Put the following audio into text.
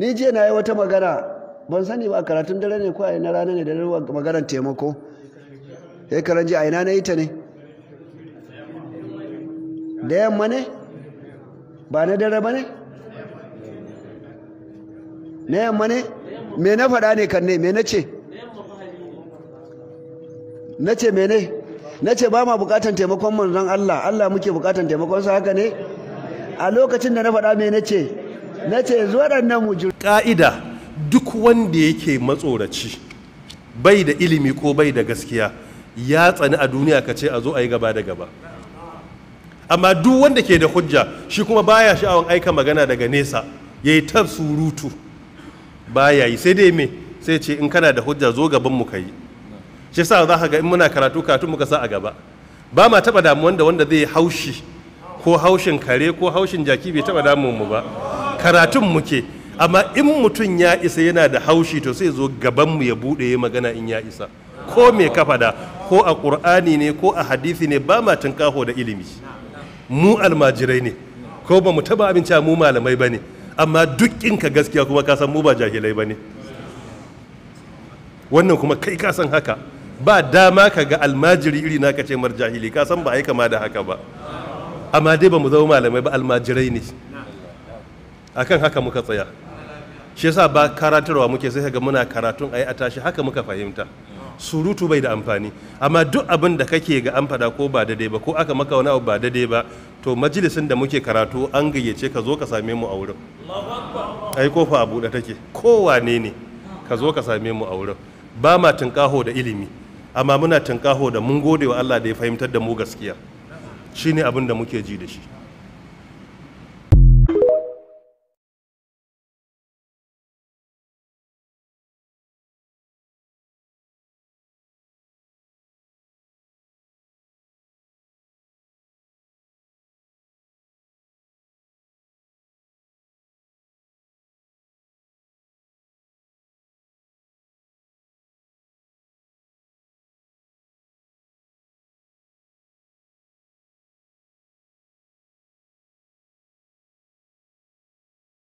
ni jiya na yi wata magana ban sani ba karatun dare ne ko a na rana ne da maganar taimako ya karan ji a ina na yi ta ne da yamma ne ba na dare ba ne na yamma ne me na faɗa ne kan ne me na ce na ce me ne na ce ba ma bukatan taimakon manzon Allah Allah muke bukatan taimakon sa haka ne a lokacin da na faɗa me na ce na ce waɗannan mujur. ƙa'ida duk wanda yake matsoraci bai da ilimi ko bai da gaskiya ya tsani a duniya ka ce a zo a yi gaba da gaba amma duk wanda ke da hujja shi kuma baya sha'awar aika magana daga nesa ya yi ta surutu baya yi sai dai me sai ce in kana da hujja zo gaban mu ka yi shi sa za ka ga in muna karatu karatu muka sa a gaba ba ma taɓa damuwan da wanda zai haushi ko haushin kare ko haushin jaki bai taba damun mu ba karatun muke amma in mutum ya isa yana da haushi to sai zo mu ya buɗe ya magana in ya isa ko mai kafada da ko a ƙur'ani ne ko a hadisi ne ba ma tunƙaho da ilimi mu almajirai ne ko ba mu taba abinci mu malamai ba ne amma duk ka gaskiya kuma ka san mu ba jahilai ba ne wannan kuma kai ka san haka ba dama ka ga almajiri iri na ka ce mar jahili ka san ba ai kama da haka ba amma dai ba mu zama malamai ba almajirai ne akan haka muka tsaya shi yasa ba karatarwa muke sai ga muna karatun ayi a tashi haka muka fahimta surutu bai da amfani amma duk abin da kake ga an fada ko ba daidai ba ko aka maka wani abu ba daidai ba to majalisin da muke karatu an gayyace ka zo ka same mu a wurin ai kofa a buɗe take kowane ne ka zo ka same mu a wurin ba ma tunƙaho da ilimi amma muna tunƙaho da mun gode wa Allah da ya fahimtar da mu gaskiya shine abin da muke ji da shi